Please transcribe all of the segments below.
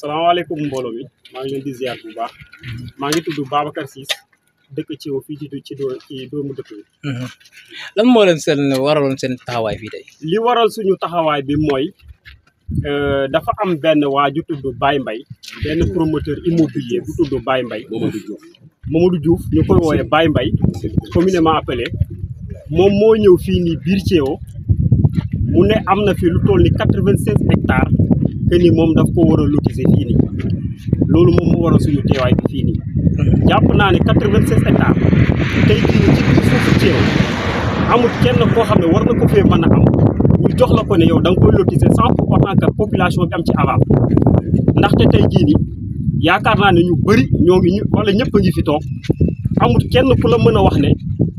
salaamaaleykum mbooloo mi maa ngi leen di bu baax maa ngi tudd Babacar Cissé dëkk ci yow fii ci ci doomu dëkk bi. Mhm. lan moo leen seen waraloon seen taxawaay fii tey. li waral suñu taxawaay bi mooy euh, dafa am benn waa ju tudd Baye Mbaye benn promoteur immobilier bu tudd Baye mbay Mamadou Diouf Mamadou Diouf ñu koy woowee Baye Mbaye communément appelé moom moo ñëw fii nii biir Thiéwo mu ne am na fi lu tool ni quatre-vingt-seize hectares que ni moom daf ko war a lotisé fii nii loolu moom moo waral suñu teewaay bi fii jàpp naa ne quatre-vingt-seize hectares tey jii ci biir kenn koo xam ne war na ko fee mën a am ñu jox la ko ne yow da nga koy lotisé sans pour autant population bi am ci aval ndaxte tey jii nii yaakaar naa ne ñu bëri ñoo ngi ñu wala ñëpp a ngi fi toog amul kenn ku la mën a wax ne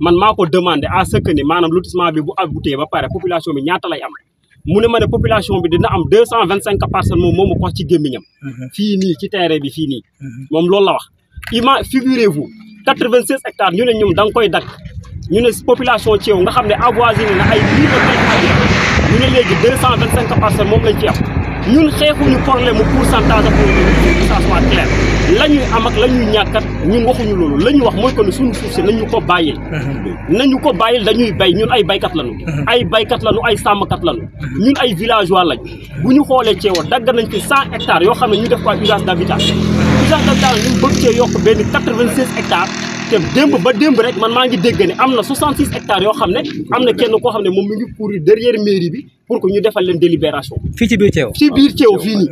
man mako ko demandé à ce que ni manam lotissement bi bu abouté ba paré population bi ñaata lay am mune mané population bi dina am 225 cent vingt cinq ko ci gémmiñam mhm. fi ni ci terrain bi fi ni mhm. mom loolu la wax ima figurez-vous 96 hectares ñu ne ñoom da koy dak ñu ne population yow nga xamné ne avoisiné na ay mille et ñu ne léegi deux cent vingt lañ ci am ñun xéxu ñu problème mu pourcentage pour que ça soit clair ñuy am ak la ñuy ñàkkat ñun waxuñu loolu la ñu wax mooy que ne suñu suuf si nañu ko bàyyil uh-huh. nañu ko bàyyil dañuy bay ñun ay baykat lañu uh-huh. ay baykat lañu ay sàmmkat lañu uh-huh. ñun ay villageois lañ bu ñu xoolee ceewo dagg nañ ci cent hectares yoo xam ne ñu def ko usage d'habitat usage d'habitat ñu bëgg cee yokk benn quatre-vingt-seize hectares te démb ba démb rek man maa ngi dégg ne am na 66 hectares yoo xam ne am na kenn koo xam ne moom mi ngi courir derrière mairie bi pour que ñu defal leen délibération. fii ci biir Thiéw. ci biir Thiéw fii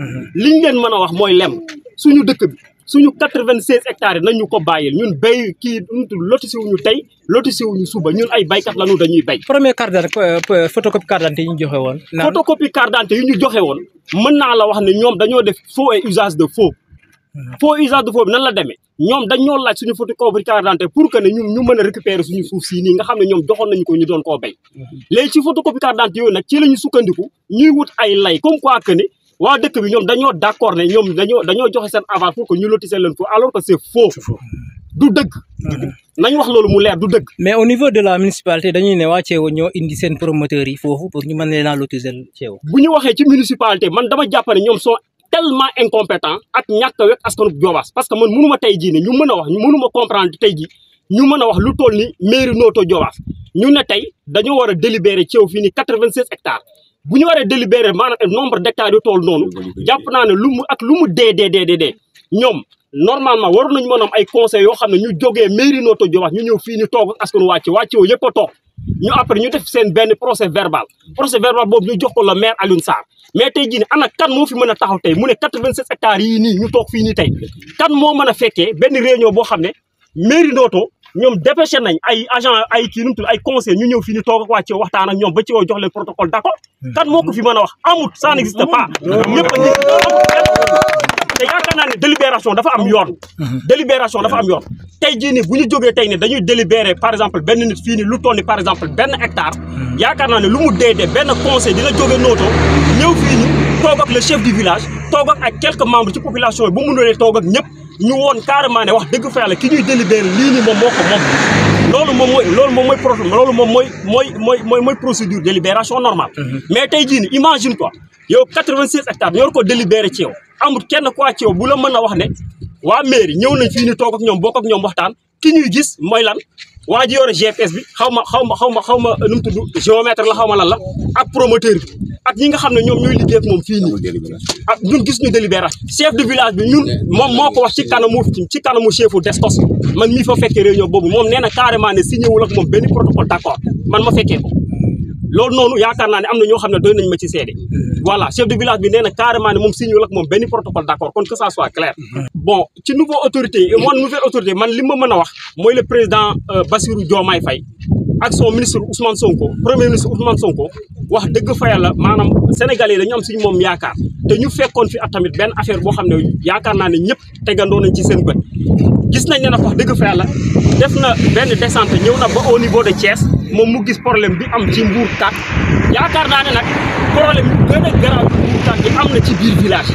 a wax mooy lem suñu dëkk bi. suñu quatre-vingt-seize hectares yi nañu ko bàyyil ñun béy kii unutul lotisi wuñu tey lotisi wuñu suba ñun ay béykat lañu dañuy béy premier carte d'identité euh, euh, photocopie carte d'identité yi ñu joxe woon photocopie carte d'identité yi ñu joxe woon mën naa la wax ne ñoom dañoo def faux et de faux hmm. faux usage de faux bi nan la demee ñoom dañoo laaj suñu photocopie carte d'identité pour que ñun ñu mën a suñu suuf sii nii nga xam ne ñoom joxoon nañu ko ñu doon koo béy hmm. léegi ci photocopie carte d'identité yooyu ñu sukkandiku ñuy wut ay lay comme quoi wa dëkk bi d'accord dañoo dañoo alors que c'est faux du mais au niveau de la municipalité dañuy ne waa Nous ñoo indi seen promoteurs yi foofu pour ñu mën leen a Nous municipalité man dama sont tellement incompétents ak ñàkk a wekk parce que man mënuma tey jii ne ñu mën wax comprendre tey jii ñu mën wax lu toll ni mairie Noto ñu ne tey dañoo war hectares bu ñu waree délibéré maanaam nombre d'hectares yu tool noonu jàpp naa ne lu mu ak lu mu dee de dee dee ñoom normalement waroon nañu mën ay conseils yoo xam ne ñu jógee mairie Notto Diobass ñu ñëw fii ñu toog ak askan wàcc wàcc woo yëpp toog ñu après ñu def seen benn procès verbal procès verbal boobu ñu jox ko le maire Alioune Sarr mais tey jii ne ana kan moo fi mën a taxaw tey mu ne 87 hectares yii nii ñu toog fii ni tey kan moo mën a fekkee benn réunion boo xam ne mairie Notto ñom dépêché nañ ay agent ay ki num tul ay conseil ñu ñëw fii ni toog ak wàcce waxtaan ak ñom ba ci woo jox leen protocole d'accord kan moko fi mëna wax amut ça n'existe pas ñëpp ñi te yaakaar naa ne délibération dafa am yoon délibération dafa am yoon tey jii bu ñu joggé tay ne dañuy délibérer par exemple ben nit fii ni lu toll par exemple ben hectare yaakaar naa ne lu mu dédé ben conseil dina joggé noto ñëw fii ni toog ak le chef du village toog ak quelques membres ci population bu mu mënulee toog ak ñëpp ñu woon carrément ne wax dëgg fa yàlla ki ñuy délibéré lii moom moo ko moom loolu moom mooy loolu moom mooy problème mooy mooy mooy mooy mooy procédure délibération normale mhm. mais tey jii ni imagine toi yow 86 hectares ñoo ko délibéré ci yow amul kenn quoi ci yow bu la mën a wax ne waa mairie ñëw nañ fii ni toog ak ñoom bokk ak ñoom waxtaan ki ñuy gis mooy lan waa ji yore GPS bi xaw ma xaw ma xaw ma xaw ma nu géomètre la xaw ma lan la ak promoteur bi ak ñi nga xam ne ñoom ñooy liggéey ak moom fii nii ñun gis ñu délibération chef de village bi ñun moom moo ko wax ci kanamu ci kanamu chefu destos man mii fa fekkee réunion boobu moom nee na carrément ne signé wul ak moom benn protocole d'accord man ma fekkee ko loolu noonu yaakaar naa ne am ñoo xam ne doy nañu ci seede voilà chef de village bi nee na carrément ne moom signé wul ak moom benn protocole d'accord bon ci nouveau autorité yi nouvelle autorité man li meuna wax moy le président euh, Bassirou Diomaye Fay ak son ministre Ousmane Sonko premier ministre Ousmane Sonko wax deug fa yàlla manam sénégalais dañu am suñu mom yaakaar te ñu fekkoon fi atamit ben affaire bo xamné ne na ni ne ñëpp nañ ci seen bët. gis nañ ne wax deug fa yàlla def na ben descente ñëw na ba au niveau de Thiès mom mu gis problème bi am ci Mbour 4 yaakaar naa ne nag problème bi gën a garaaw Mbour 4 am na ci bir village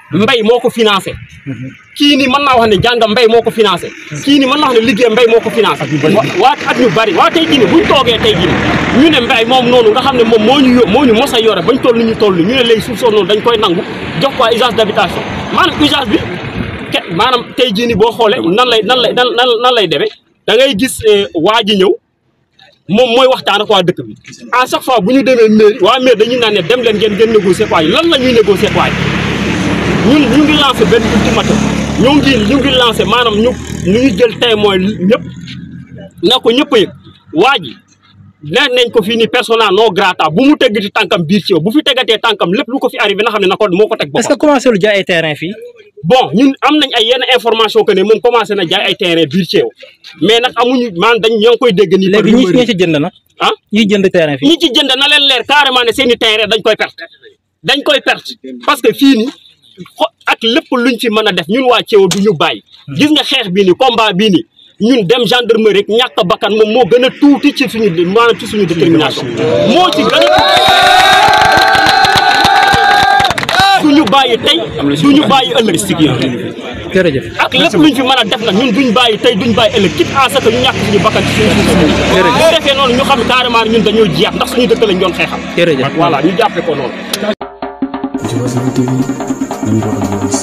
mbay moo ko financé kii nii mën naa wax ne jàngam mbay moo ko financé kii ni man naa wax ne liggéey mbay moo ko financé waa ak ñu bari waa tey jii ni buñ toogee tey jii ni ñu ne mbay moom noonu nga xam ne moom moo ñu moo ñu mos a yore bañ toll ni ñu toll ni ñu ne léegi suuf soo noonu dañ koy nangu jox ko usage d'habitation maanaam usage bi ke maanaam tey jii ni boo xoolee nan lay nan lay nan nan lay demee da ngay gis euh, waa ji ñëw moom mooy waxtaan ak waa dëkk bi à chaque fois bu ñu demee mairie waa mairie dañuy naan ne dem leen ngeen ngeen négocier quoi lan la ñuy négocier quoi ñun ñu ngi lancé benn ultimatum ñoo ngi ñu ngi lancé maanaam ñu ñu jël témoin ñëpp na ko ñëpp yëg waa ji nee nañ ko fii nii persona non grata bu mu teggati tànkam biir ci yow bu fi tegatee tànkam lépp lu ko fi arrivé na xam ne na ko moo ko teg boppam. est-ce que commencé lu jaay ay terrain fii. bon ñun am nañ ay yenn information que moom commencé na jaay ay terrain biir ceew mais nag amuñu man dañ ñoo ngi koy dégg nii. léegi ñi jënd nag. ah ñi jënd terrain fii. ñi ci jënd na leen leer carrément ne seen i terrain dañ koy perte. dañ koy perte parce que fii ak lépp luñ ci mën a def ñun waa Thiéwa du ñu bàyyi. Hmm. gis nga xeex bii ni combat bii ni ñun dem gendarmerie rek ñàkk bakkan moom moo gën a tuuti ci suñu maanaam ci suñu détermination. moo ci gën a du ñu bàyyi tey du ñu bàyyi ëllëg si jërëjëf ak lépp luñ fi mën a def nag ñun duñ bàyyi bàyyi ëllëg quitte ñu ñàkk suñu bakkan ci suñu suñu boo defee noonu ñu xam ñun dañoo jeex ndax suñu def lañ doon xeexam voilà ñu jàppe ko noonu Waziri TV, Nairobi News.